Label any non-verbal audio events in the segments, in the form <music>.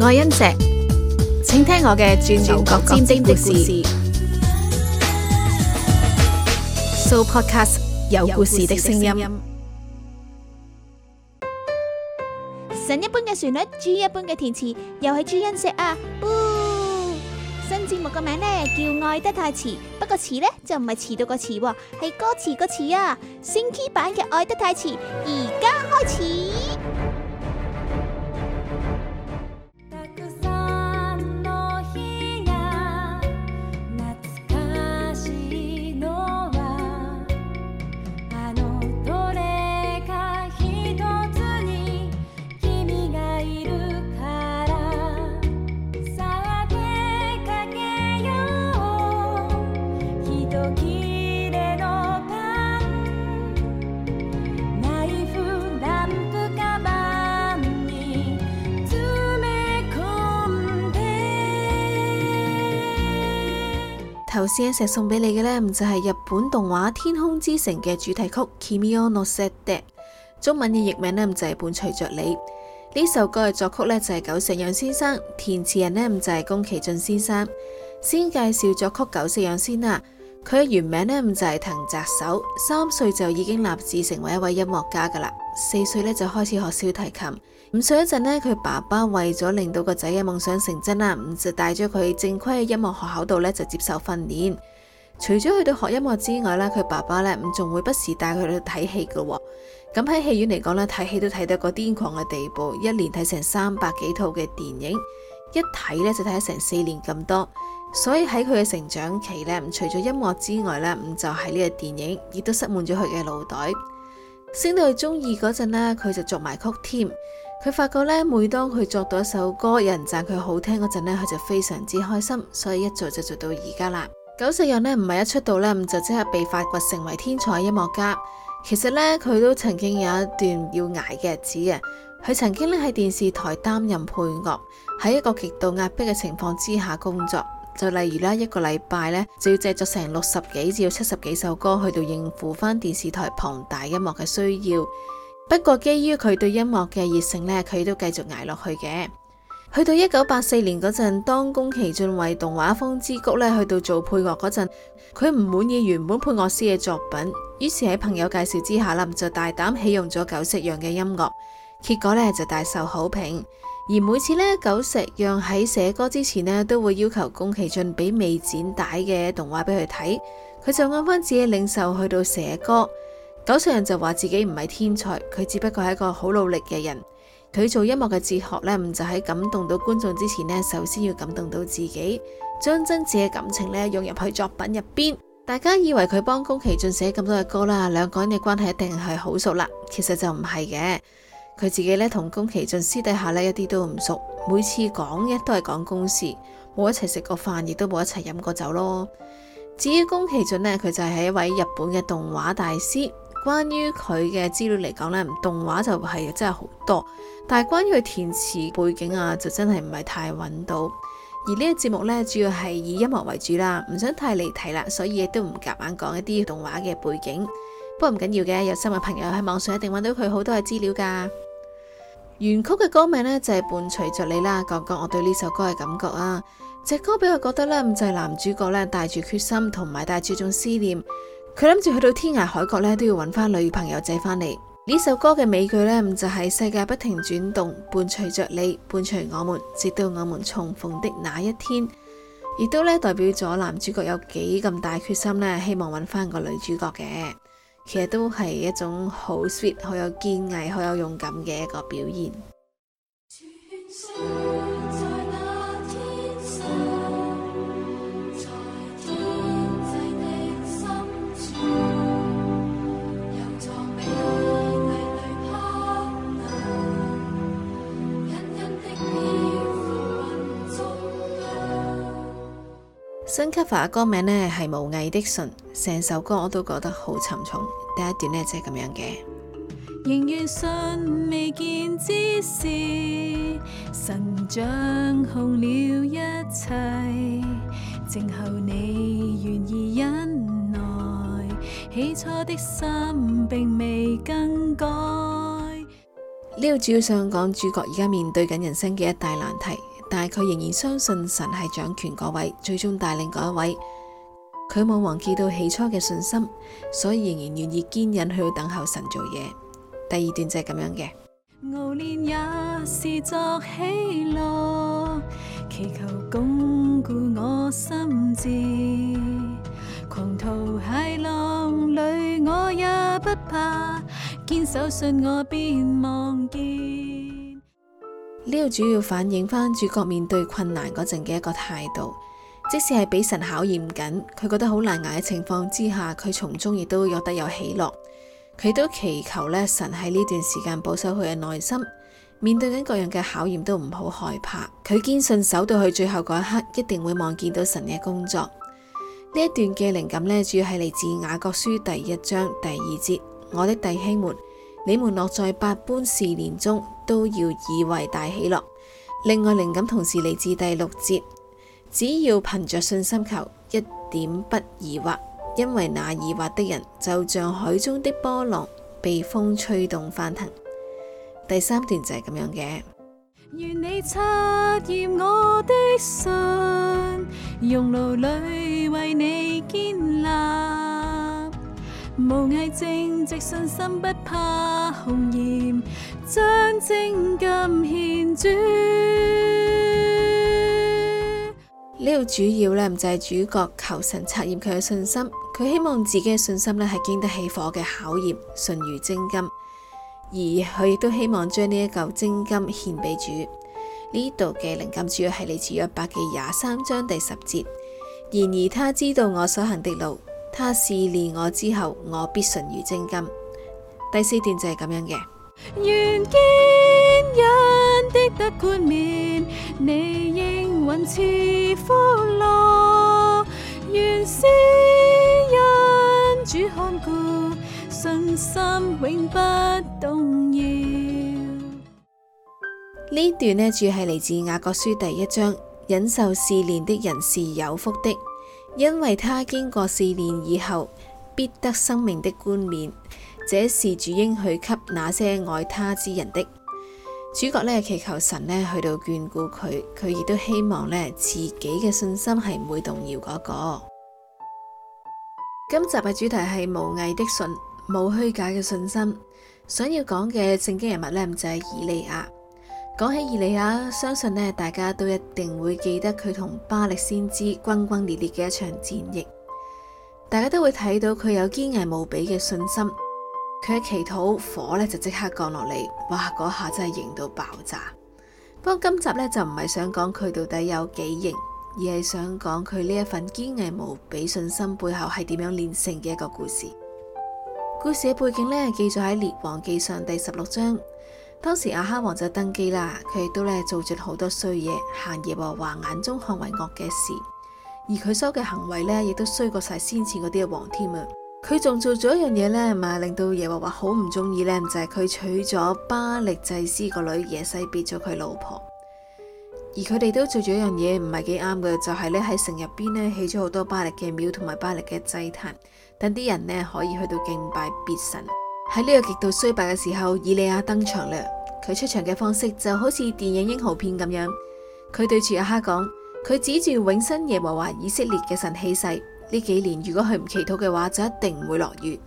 愛恩石，請聽我嘅轉轉角尖尖的故事。So podcast 有故事的聲音。神一般嘅旋律，G 一般嘅填詞，又係朱恩石啊！新節目嘅名呢，叫愛得太遲，不過遲呢，就唔係遲到個遲，係歌詞個詞啊！升 key 版嘅愛得太遲，而家開始。頭先成石送俾你嘅咧，就係日本動畫《天空之城》嘅主題曲《君を乗せて》。中文嘅譯名咧，就係伴隨着你。呢首歌嘅作曲咧，就係、是、久石讓先生，填詞人咧就係宮崎駿先生。先介紹作曲久石讓先啦，佢嘅原名咧就係、是、藤澤守，三歲就已經立志成為一位音樂家噶啦，四歲咧就開始學小提琴。上一陣呢，佢爸爸為咗令到個仔嘅夢想成真啦，就帶咗佢正規嘅音樂學校度咧就接受訓練。除咗去到學音樂之外咧，佢爸爸呢仲會不時帶佢去睇戲噶。咁喺戲院嚟講咧，睇戲都睇到個癲狂嘅地步，一年睇成三百幾套嘅電影，一睇呢就睇成四年咁多。所以喺佢嘅成長期呢，除咗音樂之外呢，唔就係呢個電影亦都塞滿咗佢嘅腦袋。升到去中二嗰陣呢，佢就作埋曲添。佢發覺咧，每當佢作到一首歌，有人讚佢好聽嗰陣咧，佢就非常之開心，所以一做就做到而家啦。久石讓呢，唔係一出道咧，就即係被發掘成為天才音樂家。其實咧，佢都曾經有一段要捱嘅日子嘅。佢曾經咧喺電視台擔任配樂，喺一個極度壓迫嘅情況之下工作，就例如啦，一個禮拜咧就要製作成六十幾至七十幾首歌去到應付翻電視台龐大音樂嘅需要。不過基於佢對音樂嘅熱誠呢，佢都繼續捱落去嘅。去到一九八四年嗰陣，當宮崎駿為動畫《風之谷》呢去到做配樂嗰陣，佢唔滿意原本配樂師嘅作品，於是喺朋友介紹之下啦，就大膽起用咗久石讓嘅音樂，結果呢，就大受好評。而每次呢，久石讓喺寫歌之前呢，都會要求宮崎駿俾未剪帶嘅動畫俾佢睇，佢就按返自己領袖去到寫歌。久石讓就話自己唔係天才，佢只不過係一個好努力嘅人。佢做音樂嘅哲學呢，唔就喺感動到觀眾之前呢，首先要感動到自己，將真摯嘅感情呢，融入去作品入邊。大家以為佢幫宮崎駿寫咁多嘅歌啦，兩個人嘅關係一定係好熟啦，其實就唔係嘅。佢自己呢，同宮崎駿私底下呢，一啲都唔熟，每次講嘅都係講公事，冇一齊食過飯，亦都冇一齊飲過酒咯。至於宮崎駿呢，佢就係一位日本嘅動畫大師。關於佢嘅資料嚟講呢，動畫就係真係好多，但係關於佢填詞背景啊，就真係唔係太搵到。而呢個節目呢，主要係以音樂為主啦，唔想太離題啦，所以亦都唔夾硬講一啲動畫嘅背景。不過唔緊要嘅，有心嘅朋友喺網上一定揾到佢好多嘅資料噶。原曲嘅歌名呢，就是，就係伴隨着你啦，講講我對呢首歌嘅感覺啊。隻歌俾我覺得呢，就係男主角呢，帶住決心同埋帶住種思念。佢諗住去到天涯海角咧，都要搵翻女朋友仔翻嚟。呢首歌嘅尾句呢，就係世界不停轉動，伴隨着你，伴隨我們，直到我們重逢的那一天。亦都咧代表咗男主角有幾咁大決心咧，希望搵翻個女主角嘅。其實都係一種好 sweet、好有堅毅、好有勇敢嘅一個表現。新 cover 嘅歌名呢係無畏的信，成首歌我都覺得好沉重。第一段呢，就係咁樣嘅，仍願信未見之時，神掌控了一切，靜候你願意忍耐，起初的心並未更改。呢個主要想講主角而家面對緊人生嘅一大難題。但係佢仍然相信神係掌權嗰位，最終帶領嗰一位，佢冇忘記到起初嘅信心，所以仍然願意堅忍去等候神做嘢。第二段就係咁樣嘅。也是作喜樂，祈求鞏固我心智。狂徒駭浪裏我也不怕。堅守信我便忘記，便呢個主要反映返主角面對困難嗰陣嘅一個態度，即使係俾神考驗緊，佢覺得好難挨嘅情況之下，佢從中亦都有得有喜樂，佢都祈求呢神喺呢段時間保守佢嘅內心，面對緊各樣嘅考驗都唔好害怕，佢堅信守到去最後嗰一刻，一定會望見到神嘅工作。呢一段嘅靈感呢，主要係嚟自雅各書第一章第二節：「我的弟兄們，你們落在百般試煉中。都要以為大喜樂。另外靈感同時嚟自第六節，只要憑着信心求，一點不疑惑，因為那疑惑的人就像海中的波浪，被風吹動翻騰。第三段就係咁樣嘅：「願你察驗我的心，熔爐裡為你建立。」無畏正直信心不怕紅炎，將精金獻主。呢度主要呢，就係主角求神測驗佢嘅信心，佢希望自己嘅信心呢，係經得起火嘅考驗，純如精金，而佢亦都希望將呢一嚿精金獻俾主。呢度嘅靈感主要係嚟自約伯記廿三章第十節。然而他知道我所行的路。他試煉我之後，我必純如精金。第四段就係咁樣嘅。願堅忍的得冠冕，你應允似福樂，願是因主看顧，信心永不動搖。呢段呢，就係嚟自《雅各書》第一章，忍受試煉的人是有福的。因為他經過試煉以後，必得生命的冠冕，這是主應許給那些愛他之人的。主角呢祈求神呢去到眷顧佢，佢亦都希望呢自己嘅信心係唔會動搖嗰、那個。 <noise> 今集嘅主題係無偽的信，冇虛假嘅信心。想要講嘅聖經人物呢，就係、是、以利亞。講起以利亞，相信呢大家都一定會記得佢同巴力先知轟轟烈烈嘅一場戰役，大家都會睇到佢有堅毅無比嘅信心，佢嘅祈禱火呢就即刻降落嚟，哇嗰下真係型到爆炸！不過今集呢，就唔係想講佢到底有幾型，而係想講佢呢一份堅毅無比信心背後係點樣練成嘅一個故事。故事嘅背景呢記載喺《列王記》上第十六章。當時亞哈王就登基啦，佢亦都咧做咗好多衰嘢，行耶和華眼中看為惡嘅事，而佢所有嘅行為咧，亦都衰過晒先前嗰啲嘅王添啊！佢仲做咗一樣嘢咧，咪令到耶和華好唔中意咧？就係、是、佢娶咗巴力祭司個女，耶洗別咗佢老婆。而佢哋都做咗一樣嘢唔係幾啱嘅，就係咧喺城入邊咧起咗好多巴力嘅廟同埋巴力嘅祭壇，等啲人呢可以去到敬拜別神。喺呢個極度衰敗嘅時候，以利亞登場啦。佢出場嘅方式就好似電影英豪片咁樣，佢對住阿哈講，佢指住永生耶和華以色列嘅神起誓：呢幾年如果佢唔祈禱嘅話，就一定唔會落雨。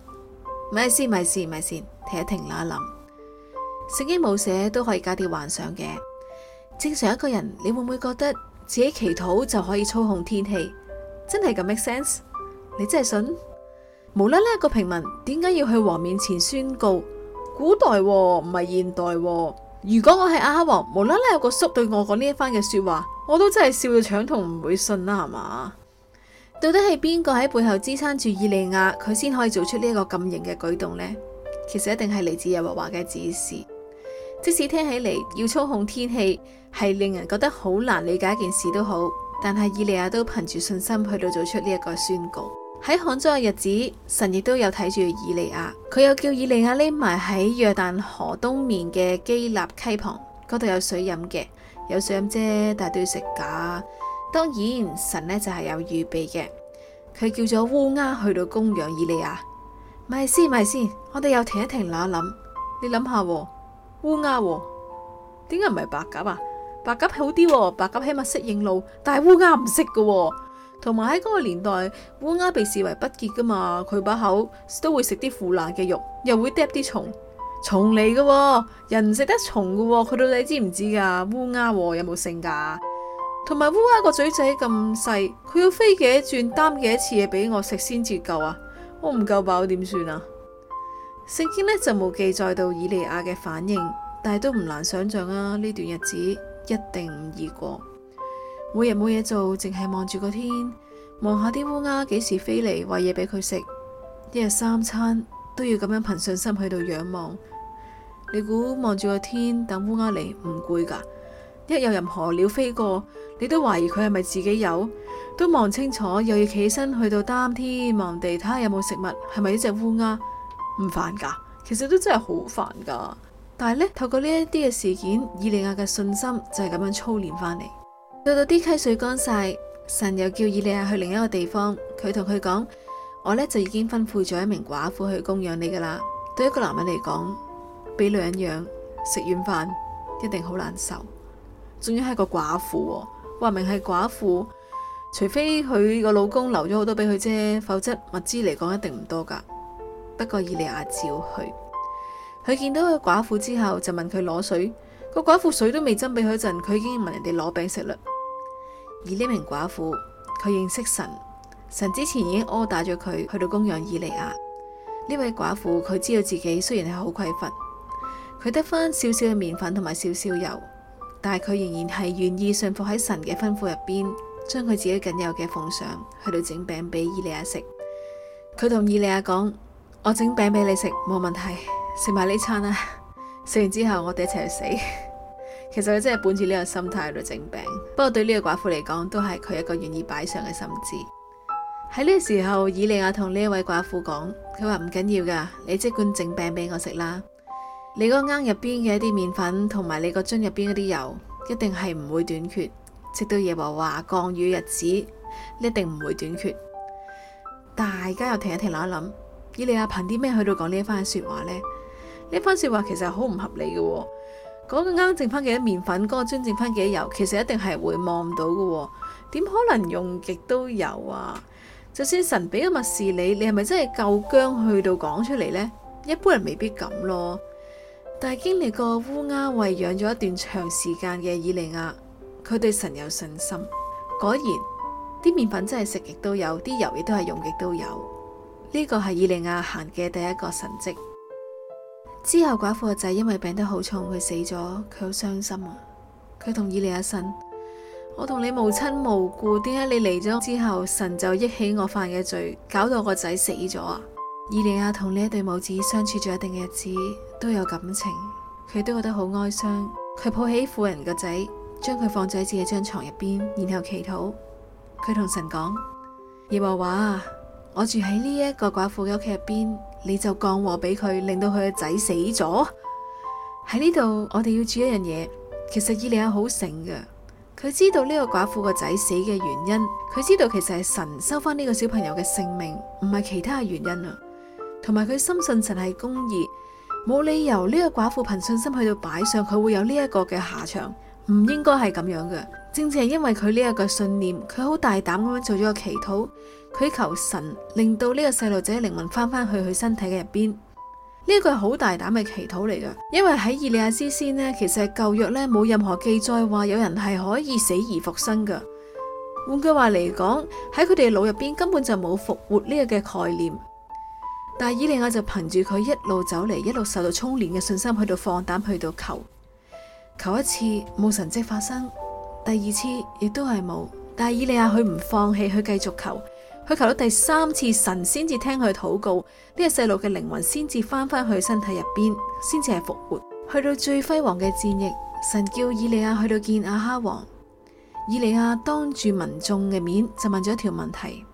咪先咪先咪先，停一停啦，諗聖經冇寫都可以加啲幻想嘅。正常一個人你會唔會覺得自己祈禱就可以操控天氣？真係咁 make sense？你真係信？無啦啦個平民點解要去王面前宣告？古代喎，唔係現代喎。如果我係亞哈王，無啦啦有個叔對我講呢一番嘅說話，我都真係笑到腸痛同唔會信啦，係嘛？到底係邊個喺背後支撐住以利亞，佢先可以做出呢一個咁型嘅舉動呢？其實一定係嚟自耶和華嘅指示。即使聽起嚟要操控天氣，係令人覺得好難理解一件事都好，但係以利亞都憑住信心去到做出呢一個宣告。喺旱災嘅日子，神亦都有睇住以利亞，佢又叫以利亞匿埋喺約旦河東面嘅基立溪旁，嗰度有水飲嘅，有水飲啫，但係都要食㗎。當然，神呢就係、是、有預備嘅，佢叫咗烏鴉去到供養以利亞。咪先咪先，我哋又停一停諗一諗，你諗下烏鴉點解唔係白鴿啊？白鴿好啲、哦，白鴿起碼識認路，但係烏鴉唔識嘅。同埋喺嗰個年代，烏鴉被視為不潔噶嘛，佢把口都會食啲腐爛嘅肉，又會掟啲蟲，蟲嚟噶、哦，人唔食得蟲噶、哦。佢到底知唔知噶？烏鴉、哦、有冇性噶？同埋烏鴉個嘴仔咁細，佢要飛幾多轉，擔幾次嘢俾我食先至夠啊？我唔夠飽點算啊？聖經呢就冇記載到以利亞嘅反應，但係都唔難想象啊，呢段日子一定唔易過。每日冇嘢做，淨係望住個天，望下啲烏鴉幾時飛嚟，喂嘢俾佢食。一日三餐都要咁樣憑信心去到仰望。你估望住個天等烏鴉嚟唔攰噶？一有任何鳥飛過，你都懷疑佢係咪自己有，都望清楚又要企身去到擔天望地睇下有冇食物，係咪一隻烏鴉？唔煩噶，其實都真係好煩噶。但係呢，透過呢一啲嘅事件，以利亞嘅信心就係咁樣操練翻嚟。到到啲溪水乾晒，神又叫以利亞去另一個地方。佢同佢講：我呢，就已經吩咐咗一名寡婦去供養你噶啦。對一個男人嚟講，俾女人養，食軟飯，一定好難受。仲要係個寡婦、哦，話明係寡婦，除非佢個老公留咗好多俾佢啫，否則物資嚟講一定唔多噶。不過以利亞照去。佢見到個寡婦之後，就問佢攞水。個寡婦水都未斟俾佢陣，佢已經問人哋攞餅食嘞。而呢名寡婦，佢認識神，神之前已經屙打咗佢去到供養以利亞。呢位寡婦佢知道自己雖然係好匱乏，佢得翻少少嘅麵粉同埋少少油，但係佢仍然係願意信服喺神嘅吩咐入邊，將佢自己僅有嘅奉上去到整餅俾以利亞食。佢同以利亞講：我整餅俾你食冇問題，食埋呢餐啊！食完之後我哋一齊去死。其實佢真係本住呢個心態嚟整餅。不過對呢個寡婦嚟講，都係佢一個願意擺上嘅心志。喺呢個時候，以利亞同呢位寡婦講，佢話唔緊要㗎，你即管整餅俾我食啦。你嗰罌入邊嘅一啲麵粉，同埋你個樽入邊嗰啲油，一定係唔會短缺。直到耶和華降雨日子，一定唔會短缺。大家又停一停諗一諗，以利亞憑啲咩去到講呢番說話呢？呢番說話其實好唔合理嘅、哦。嗰個啱剩翻幾多麵粉，嗰個樽剩翻幾多油，其實一定係會望到嘅喎。點可能用極都有啊？就算神俾咗密視你，你係咪真係夠薑去到講出嚟呢？一般人未必咁咯。但係經歷過烏鴉餵養咗一段長時間嘅以利亞，佢對神有信心。果然，啲麵粉真係食極都有，啲油亦都係用極都有。呢個係以利亞行嘅第一個神跡。之後寡婦個仔因為病得好重，佢死咗，佢好傷心啊！佢同伊利亞神，我同你無親無故，點解你嚟咗之後，神就憶起我犯嘅罪，搞到個仔死咗啊！伊利亞同呢一對母子相處咗一定嘅日子，都有感情，佢都覺得好哀傷。佢抱起婦人個仔，將佢放咗喺自己張床入邊，然後祈禱。佢同神講：耶和華啊，我住喺呢一個寡婦嘅屋企入邊。你就降禍俾佢，令到佢嘅仔死咗。喺呢度，我哋要注意一樣嘢。其實伊利亞好醒嘅，佢知道呢個寡婦個仔死嘅原因，佢知道其實係神收翻呢個小朋友嘅性命，唔係其他嘅原因啊。同埋佢深信神係公義，冇理由呢個寡婦憑信心去到擺上，佢會有呢一個嘅下場，唔應該係咁樣嘅。正正係因為佢呢一個信念，佢好大膽咁樣做咗個祈禱。佢求神令到呢個細路仔靈魂翻返去佢身體嘅入邊，呢一個係好大膽嘅祈禱嚟噶。因為喺以利亞之先呢，其實舊約呢冇任何記載話有人係可以死而復生噶。換句話嚟講，喺佢哋腦入邊根本就冇復活呢個嘅概念。但是以利亞就憑住佢一路走嚟，一路受到衝練嘅信心，去到放膽去到求，求一次冇神跡發生，第二次亦都係冇。但是以利亞佢唔放棄，去繼續求。佢求到第三次神先至聽佢禱告，呢個細路嘅靈魂先至翻返去身體入邊，先至係復活。去到最輝煌嘅戰役，神叫以利亞去到見亞哈王，以利亞當住民眾嘅面就問咗一條問題：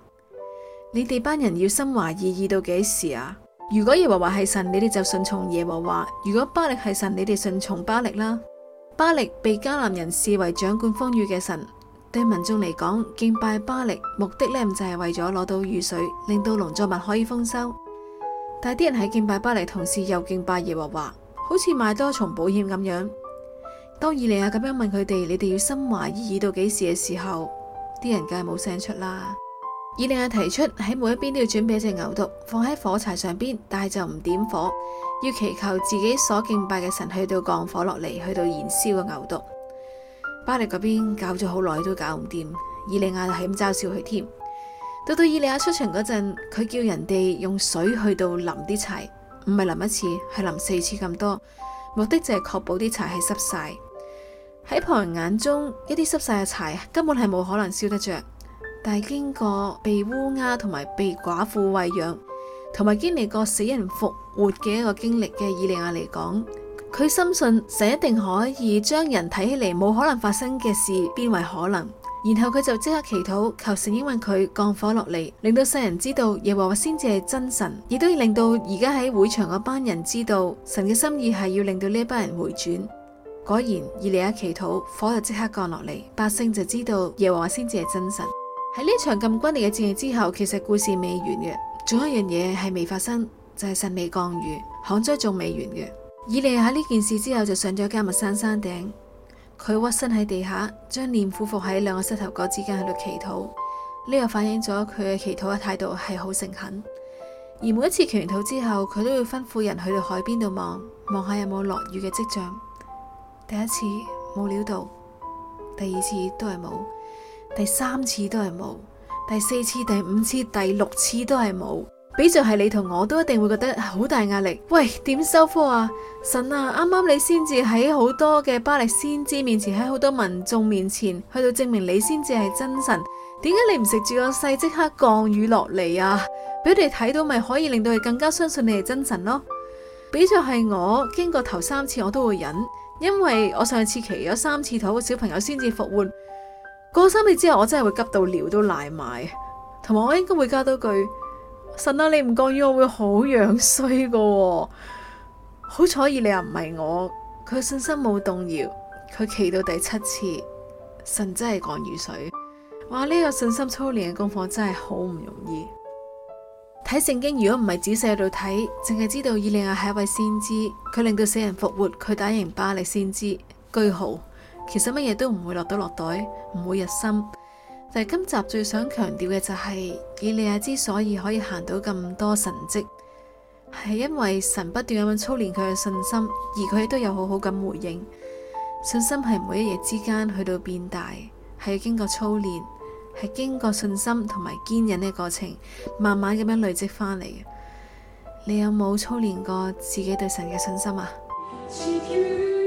你哋班人要心懷二意到幾時啊？如果耶和華係神，你哋就順從耶和華；如果巴力係神，你哋順從巴力啦。巴力被迦南人視為掌管風雨嘅神。對民眾嚟講，敬拜巴力目的咧就係為咗攞到雨水，令到農作物可以豐收。但係啲人喺敬拜巴力同時又敬拜耶和華，好似買多重保險咁樣。當以利亞咁樣問佢哋：你哋要心懷二意到幾時嘅時候，啲人梗係冇聲出啦。以利亞提出喺每一邊都要準備一隻牛犢放喺火柴上邊，但係就唔點火，要祈求自己所敬拜嘅神去到降火落嚟，去到燃燒嘅牛犢。巴力嗰邊搞咗好耐都搞唔掂，以利亞係咁嘲笑佢添。到到以利亞出場嗰陣，佢叫人哋用水去到淋啲柴，唔係淋一次，係淋四次咁多，目的就係確保啲柴係濕晒。喺旁人眼中，一啲濕晒嘅柴根本係冇可能燒得着。但係經過被烏鴉同埋被寡婦餵養，同埋經歷過死人復活嘅一個經歷嘅以利亞嚟講。佢深信神一定可以將人睇起嚟冇可能發生嘅事變為可能，然後佢就即刻祈禱求神，因為佢降火落嚟，令到世人知道耶和華先至係真神，亦都要令到而家喺會場嗰班人知道神嘅心意係要令到呢一班人回轉。果然，以利亞祈禱，火就即刻降落嚟，百姓就知道耶和華先至係真神。喺呢 <noise> 場咁激烈嘅戰役之後，其實故事未完嘅，仲有一樣嘢係未發生，就係、是、神未降雨，旱災仲未完嘅。以利喺呢件事之後就上咗迦密山山頂，佢屈身喺地下，將臉俯伏喺兩個膝頭哥之間喺度祈禱，呢、呢個反映咗佢嘅祈禱嘅態度係好誠懇。而每一次祈禱之後，佢都會吩咐人去到海邊度望，望下有冇落雨嘅跡象。第一次冇料到，第二次都係冇，第三次都係冇，第四次、第五次、第六次都係冇。比着係你同我都一定會覺得好大壓力。喂，點收科啊？神啊，啱啱你先至喺好多嘅巴力先知面前，喺好多民眾面前去到證明你先至係真神。點解你唔食住個勢即刻降雨落嚟啊？俾佢哋睇到咪可以令到佢更加相信你係真神咯。比着係我經過頭三次我都會忍，因為我上次祈咗三次個小朋友先至復活。過三次之後我真係會急到尿都瀨埋，同埋我應該會加多句。神啊，你唔降雨，我會好樣衰噶喎。好彩以你又唔係我，佢信心冇動搖，佢企到第七次，神真係降雨水。哇，呢個信心操練嘅功課真係好唔容易。睇聖經，如果唔係仔細度睇，淨係知道以利亞係一位先知，佢令到死人復活，佢打贏巴力先知。句號，其實乜嘢都唔會落到落袋，唔會入心。但係今集最想強調嘅就係、是，以利亞之所以可以行到咁多神蹟，係因為神不斷咁樣操練佢嘅信心，而佢亦都有好好咁回應。信心係唔會一夜之間去到變大，係要經過操練，係經過信心同埋堅忍嘅過程，慢慢咁樣累積翻嚟嘅。你有冇操練過自己對神嘅信心啊？ <music>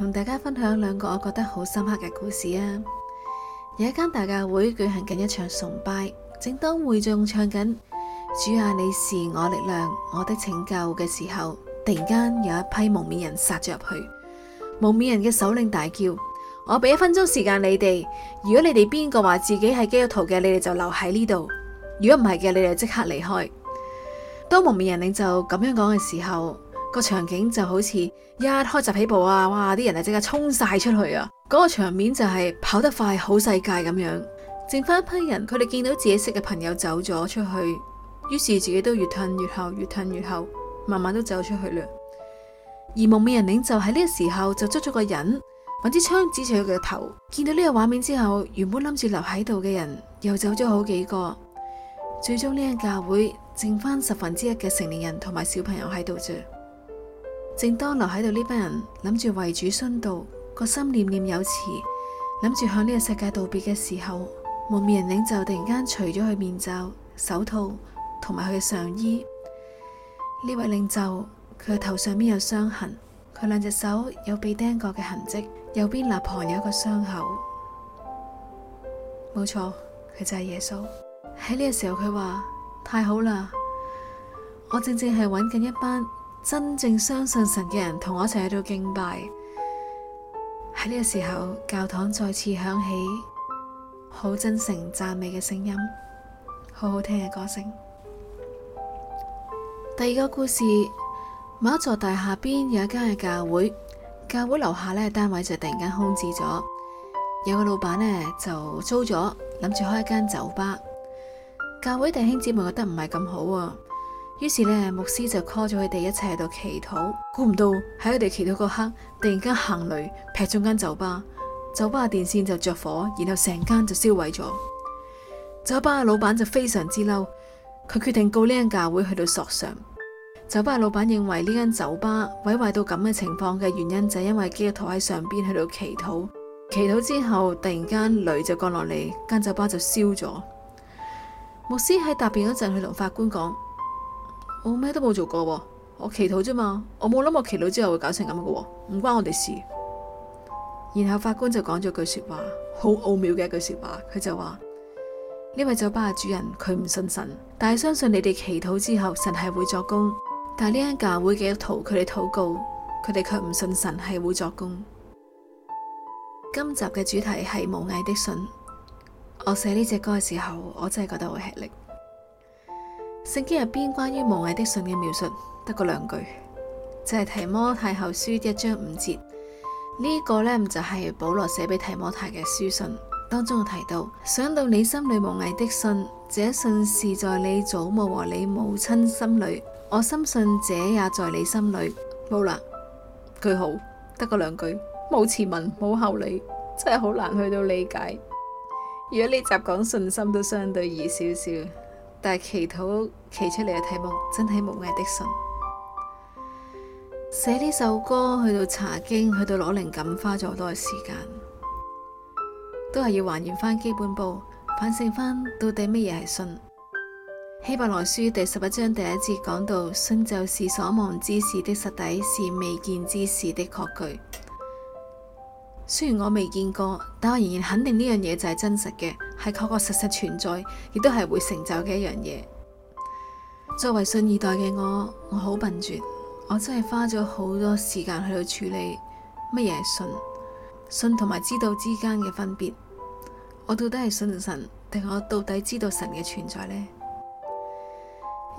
同大家分享兩個我覺得好深刻嘅故事啊！有一間大教會舉行緊一場崇拜，正當會眾唱緊“主啊，你是我力量，我的拯救”嘅時候，突然間有一批蒙面人殺咗入去。蒙面人嘅首領大叫：我俾一分鐘時間你哋，如果你哋邊個話自己係基督徒嘅，你哋就留喺呢度；如果唔係嘅，你哋即刻離開。當蒙面人領袖咁樣講嘅時候，個場景就好似一開閘起步啊！哇，啲人啊即刻沖晒出去啊！嗰、那個場面就係跑得快好世界咁樣，剩翻一批人。佢哋見到自己識嘅朋友走咗出去，於是自己都越吞越後，越吞越後，慢慢都走出去啦。而無美人領袖喺呢個時候就捉咗個人，揾支槍指住佢個頭。見到呢個畫面之後，原本諗住留喺度嘅人又走咗好幾個，最終呢個教會剩翻十分之一嘅成年人同埋小朋友喺度啫。正當留喺度呢班人諗住為主殉道，個心念念有詞，諗住向呢個世界道別嘅時候，蒙面人領袖突然間除咗佢面罩、手套同埋佢嘅上衣，呢位領袖佢嘅頭上面有傷痕，佢兩隻手有被釘過嘅痕迹，右邊肋旁有一個傷口。冇錯，佢就係耶穌。喺呢個時候佢話：太好啦，我正正係揾緊一班。真正相信神嘅人同我一齊喺度敬拜，喺呢個時候教堂再次響起好真誠讚美嘅聲音，好好聽嘅歌聲。第二個故事，某一座大廈邊有一間嘅教會，教會樓下呢單位就突然間空置咗，有個老闆呢就租咗，諗住開一間酒吧。教會弟兄姊妹覺得唔係咁好啊。於是牧師就 call 咗佢哋一齊喺度祈禱。估唔到喺佢哋祈禱嗰刻，突然間行雷劈中間酒吧，酒吧嘅電線就着火，然後成間就燒毀咗。酒吧嘅老闆就非常之嬲，佢決定告呢間教會去到索償。酒吧嘅老闆認為呢間酒吧毀壞到咁嘅情況嘅原因就係因為基督徒喺上邊喺度祈禱，祈禱之後突然間雷就降落嚟，間酒吧就燒咗。牧師喺答辯嗰陣，佢同法官講。我咩都冇做過，我祈禱啫嘛，我冇諗我祈禱之後會搞成咁噶，唔關我哋事。然後法官就講咗句說話，好奧妙嘅一句說話，佢就話：「呢位酒吧嘅主人佢唔信神，但係相信你哋祈禱之後神係會作工。但係呢一間教會嘅徒佢哋禱告，佢哋卻唔信神係會作工。」今集嘅主題係無畏的信。我寫呢隻歌嘅時候，我真係覺得好吃力。聖經入邊關於無偽的信嘅描述得個兩句，就係、是、提摩太後書一章五節。呢、這個呢，就係、是、保羅寫俾提摩太嘅書信當中，我提到想到你心裏無偽的信，這信是在你祖母和你母親心裏，我深信這也在你心裏。冇啦，句號，得個兩句，冇前文，冇後理，真係好難去到理解。如果呢集講信心都相對易少少。但係祈禱祈出嚟嘅題目真係無畏的信，寫呢首歌去到查經，去到攞靈感，花咗好多嘅時間，都係要還原翻基本步，反省翻到底乜嘢係信。希伯來書第十一章第一節講到，信就是所望之事的實底，是未見之事的確據。雖然我未見過，但我仍然肯定呢樣嘢就係真實嘅，係確確實實存在，亦都係會成就嘅一樣嘢。作為信二代嘅我，我好笨拙，我真係花咗好多時間去去處理乜嘢係信，信同埋知道之間嘅分別。我到底係信神，定我到底知道神嘅存在呢？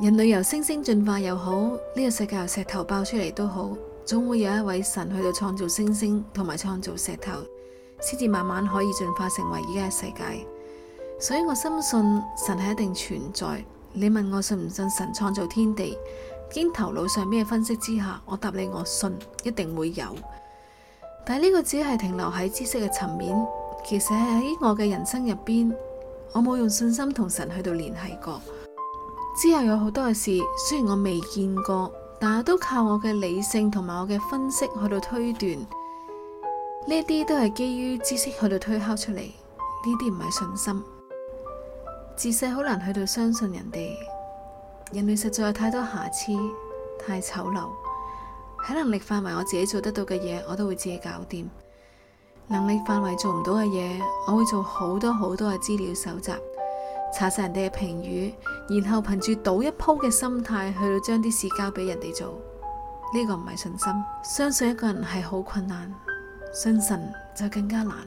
人類由星星進化又好，呢、這個世界由石頭爆出嚟，都好。總會有一位神去到創造星星同埋創造石頭，先至慢慢可以進化成為依家嘅世界。所以我深信神係一定存在。你問我信唔信神創造天地？經頭腦上咩分析之下，我答你我信，一定會有。但呢個只係停留喺知識嘅層面，其實喺我嘅人生入邊，我冇用信心同神去到聯繫過。之後有好多嘅事，雖然我未見過。但都靠我嘅理性同埋我嘅分析，去到推斷，呢啲都係基於知識去到推敲出嚟，呢啲唔係信心。自細好難去到相信人哋，人類實在有太多瑕疵，太醜陋。喺能力範圍我自己做得到嘅嘢，我都會自己搞掂。能力範圍做唔到嘅嘢，我會做好多好多嘅資料搜集。查晒人哋嘅評語，然後憑住賭一鋪嘅心態去到將啲事交俾人哋做，呢個唔係信心。相信一個人係好困難，信神就更加難。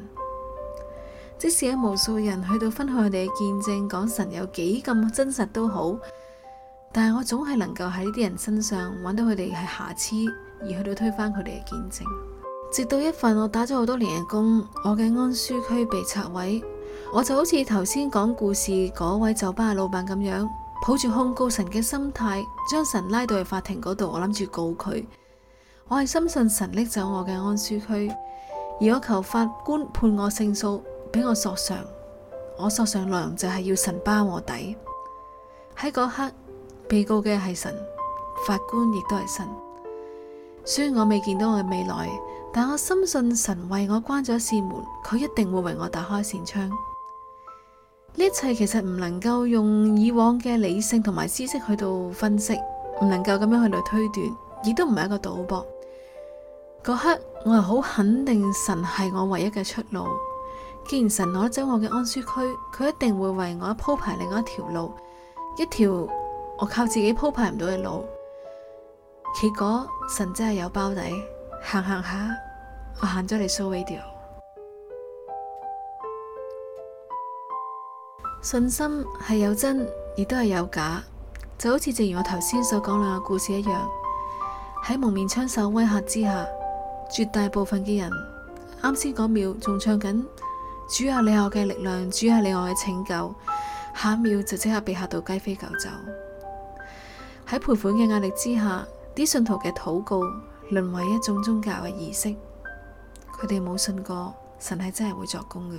即使有無數人去到分享佢哋嘅見證，講神有幾咁真實都好，但係我總係能夠喺呢啲人身上揾到佢哋係瑕疵，而去到推翻佢哋嘅見證。直到一份我打咗好多年嘅工，我嘅安舒區被拆毀。我就好似頭先講故事嗰位酒吧老闆咁樣，抱住控告神嘅心態，將神拉到去法庭嗰度，我諗住告佢。我係深信神拎走我嘅安舒區，而我求法官判我勝訴，俾我索償。我索償內容就係要神包我底。喺嗰刻，被告嘅係神，法官亦都係神，雖然我未見到我嘅未來。但我深信神為我關咗扇門，佢一定會為我打開扇窗。呢一切其實唔能夠用以往嘅理性同埋知識去到分析，唔能夠咁樣去到推斷，亦都唔係一個賭博。嗰刻我係好肯定神係我唯一嘅出路。既然神攞走我嘅安舒區，佢一定會為我鋪排另外一條路，一條我靠自己鋪排唔到嘅路。結果神真係有包底，行行下。我行咗嚟 show video，信心係有真，亦都係有假，就好似正如我頭先所講兩個故事一樣。喺蒙面槍手威嚇之下，絕大部分嘅人啱先嗰秒仲唱緊主啊，你我嘅力量，主啊，你我嘅拯救，下一秒就即刻被嚇到雞飛狗走。喺賠款嘅壓力之下，啲信徒嘅禱告淪為一種宗教嘅儀式。佢哋冇信過神係真係會作工嘅。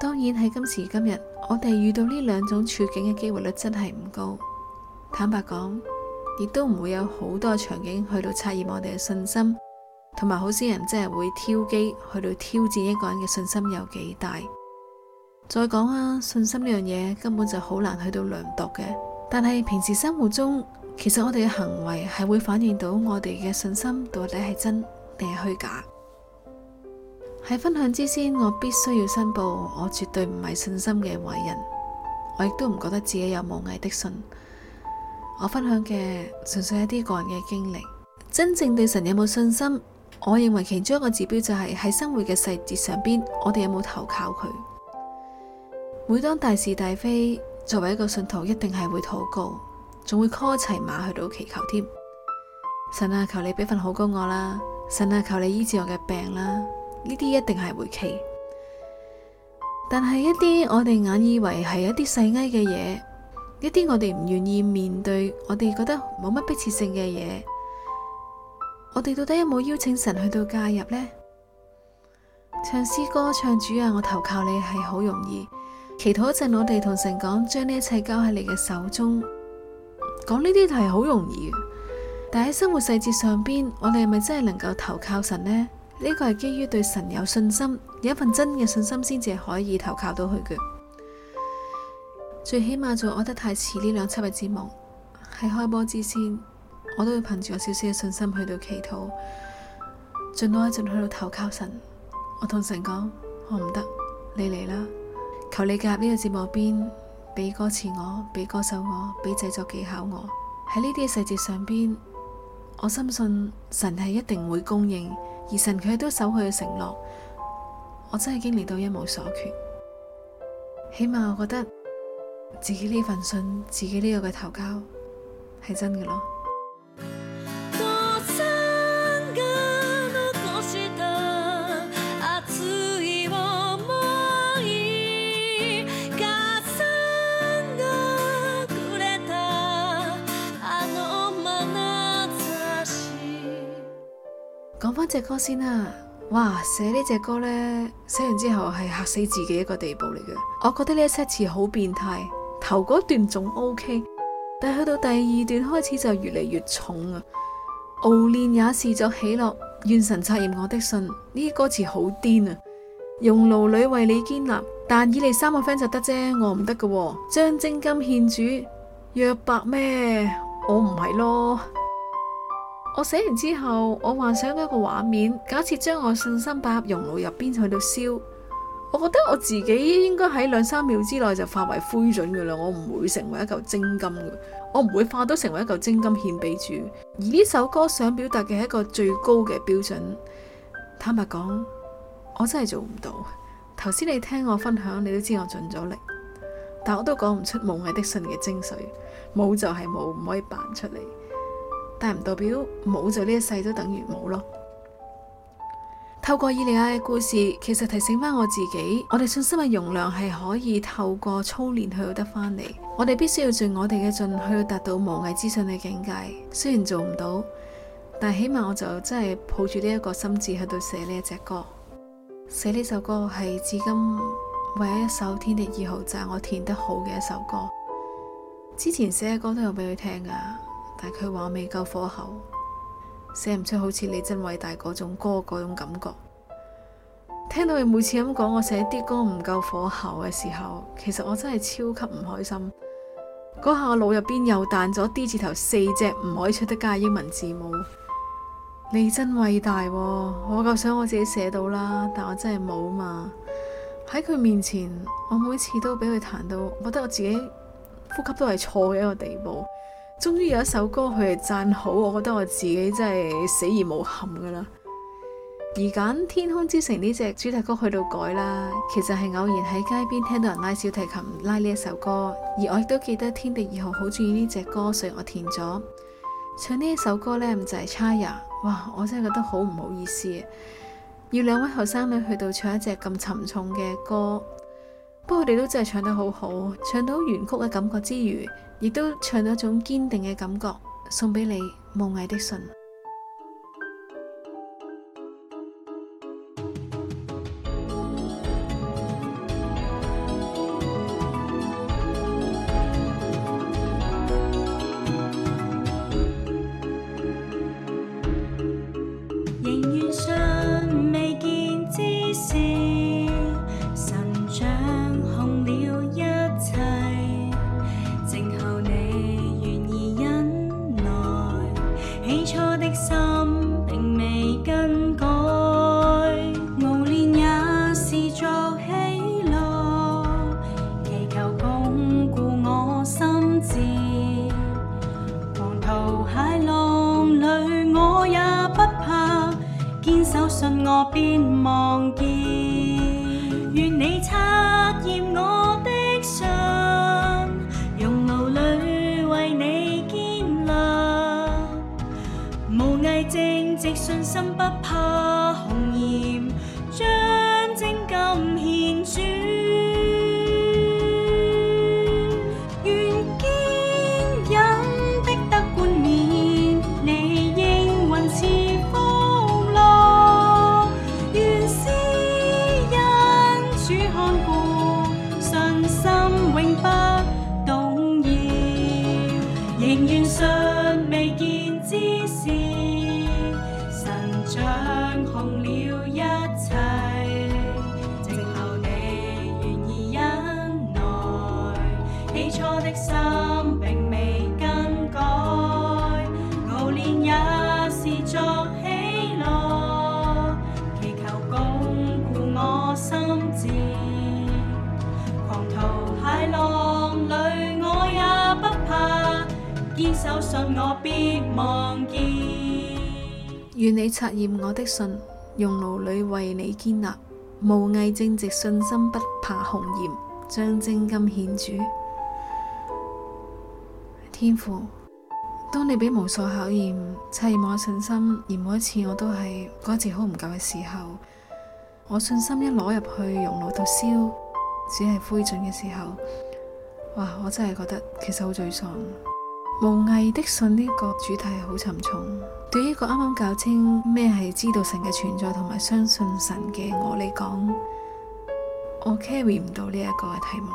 當然，喺今時今日，我哋遇到呢兩種處境嘅機會率真係唔高。坦白講，亦都唔會有好多場景去到測驗我哋嘅信心，同埋好少人真係會挑機去到挑戰一個人嘅信心有幾大。再講啊，信心呢樣嘢根本就好難去到量度嘅。但係平時生活中，其實我哋嘅行為係會反映到我哋嘅信心到底係真定係虛假。喺分享之先，我必須要申報，我絕對唔係信心嘅壞人，我亦都唔覺得自己有無偽的信。我分享嘅純粹係一啲個人嘅經歷。真正對神有冇信心，我認為其中一個指標就係、是、喺生活嘅細節上邊，我哋有冇投靠佢。每當大是大非，作為一個信徒，一定係會禱告，仲會 call 齊馬去到祈求添。神啊，求你俾份好工我啦！神啊，求你醫治我嘅病啦！呢啲一定係回期，但係一啲我哋眼以為係一啲細埃嘅嘢，一啲我哋唔願意面對，我哋覺得冇乜迫切性嘅嘢，我哋到底有冇邀請神去到介入呢？唱詩歌，唱主啊，我投靠你係好容易，祈禱一陣，我哋同神講，將呢一切交喺你嘅手中，講呢啲係好容易嘅，但喺生活細節上邊，我哋係咪真係能夠投靠神呢？呢個係基於對神有信心，有一份真嘅信心，先至可以投靠到佢嘅。最起碼就我得太遲呢兩七日節目，喺開播之前，我都會憑住我少少嘅信心去到祈禱，盡到一陣去到投靠神。我同神講：我唔得，你嚟啦！求你加入呢個節目入邊，俾歌詞我，俾歌手我，俾製作技巧我。喺呢啲嘅細節上邊，我深信神係一定會供應。而神佢都守佢嘅承諾，我真係經歷到一無所缺。起碼我覺得自己呢份信，自己呢個嘅投交係真嘅咯。呢隻歌先啦，啊，哇，寫呢隻歌呢，寫完之後係吓死自己一個地步嚟嘅。我覺得呢一 set 詞好變態，頭嗰段仲 OK，但去到第二段開始就越嚟越重啊。熬煉也試着喜樂，願神察驗我的信，呢啲歌詞好癲啊。用勞女為你建立，但以你三個 friend 就得啫，我唔得嘅。將真金獻主，若白咩，我唔係咯。我寫完之後，我幻想一個畫面，假設將我信心擺入熔爐入邊去到燒，我覺得我自己應該喺兩三秒之內就化為灰燼噶啦，我唔會成為一嚿精金嘅，我唔會化都成為一嚿精金獻俾主。而呢首歌想表達嘅係一個最高嘅標準，坦白講，我真係做唔到。頭先你聽我分享，你都知我盡咗力，但我都講唔出《冇畏的信》嘅精髓，冇就係冇，唔可以扮出嚟。但唔代表冇就呢一世都等於冇咯。透過以利亞嘅故事，其實提醒翻我自己，我哋信心嘅容量係可以透過操練去到得返嚟。我哋必須要盡我哋嘅盡，去到達到無畏之信嘅境界。雖然做唔到，但起碼我就真係抱住呢一個心志喺度寫呢一隻歌，寫呢首歌係至今唯一一首天地二號讚、就係、我填得好嘅一首歌。之前寫嘅歌都有俾佢聽噶。但佢話未夠火候，寫唔出好似你真偉大嗰種歌嗰種感覺。聽到佢每次咁講我寫啲歌唔夠火候嘅時候，其實我真係超級唔開心。嗰下我腦入邊又彈咗 D 字頭四隻唔可以出得街英文字母。你真偉大，啊，我夠想我自己寫到啦，但我真係冇嘛。喺佢面前，我每次都俾佢彈到，覺得我自己呼吸都係錯嘅一個地步。終於有一首歌佢係讚好，我覺得我自己真係死而無憾噶啦。而揀《天空之城》呢隻主題曲去到改啦，其實係偶然喺街邊聽到人拉小提琴拉呢一首歌，而我亦都記得天地二號好鍾意呢隻歌，所以我填咗唱呢一首歌呢，唔就係差人哇！我真係覺得好唔好意思、啊，要兩位後生女去到唱一隻咁沉重嘅歌。不過你哋都真係唱得好好，唱到原曲嘅感覺之餘，亦都唱到一種堅定嘅感覺，送俾你《無畏的信》。你測驗我的心，熔爐裏為你堅立，無偽正直，信心不怕。堅守信我必望見，願你察驗我的信，熔爐裏為你堅立，無偽正直，信心不怕紅炎，將精金獻主天父。當你俾無數考驗察驗我信心，而每一次我都係嗰一次好唔夠嘅時候，我信心一攞入去熔爐度燒，只係灰燼嘅時候，哇！我真係覺得其實好沮喪。無藝的信呢個主題好沉重，對於一個啱啱搞清咩係知道神嘅存在同埋相信神嘅我嚟講我 carry 唔到呢一個嘅題目。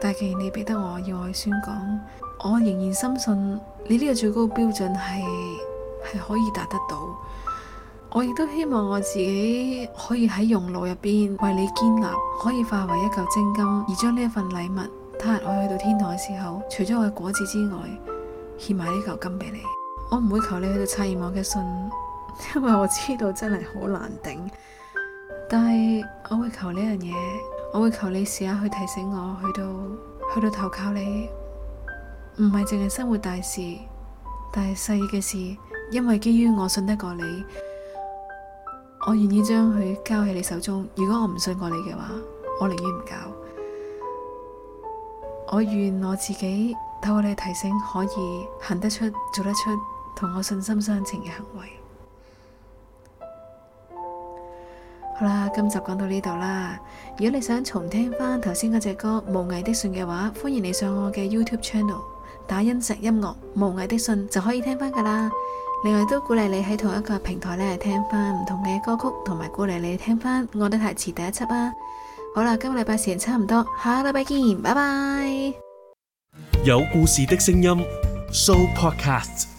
但既然你俾得我要我去宣講，我仍然深信你呢個最高標準係可以達得到。我亦都希望我自己可以喺熔爐入邊為你建立，可以化為一嚿精金，而將呢一份禮物。他日我去到天堂嘅時候，除咗我嘅果子之外，獻埋呢嚿金俾你。我唔會求你去到測驗我嘅信， <laughs> 因為我知道真係好難頂。但係我會求呢樣嘢，我會求你試下去提醒我，去到去到投靠你。唔係淨係生活大事，但係細嘅事，因為基於我信得過你，我願意將佢交喺你手中。如果我唔信過你嘅話，我寧願唔交。我願我自己透過你提醒，可以行得出、做得出同我信心相情嘅行為。 <music> 好啦，今集講到呢度啦。如果你想重聽翻頭先嗰隻歌《無藝的信》嘅話，歡迎你上我嘅 YouTube Channel 打音石音樂《無藝的信》就可以聽翻噶啦。另外都鼓勵你喺同一個平台呢聽翻唔同嘅歌曲，同埋鼓勵你聽翻《我的台詞》第一輯啊！好啦，今日禮拜時間，差唔多，下禮拜見，拜拜。有故事的聲音，Show Podcast。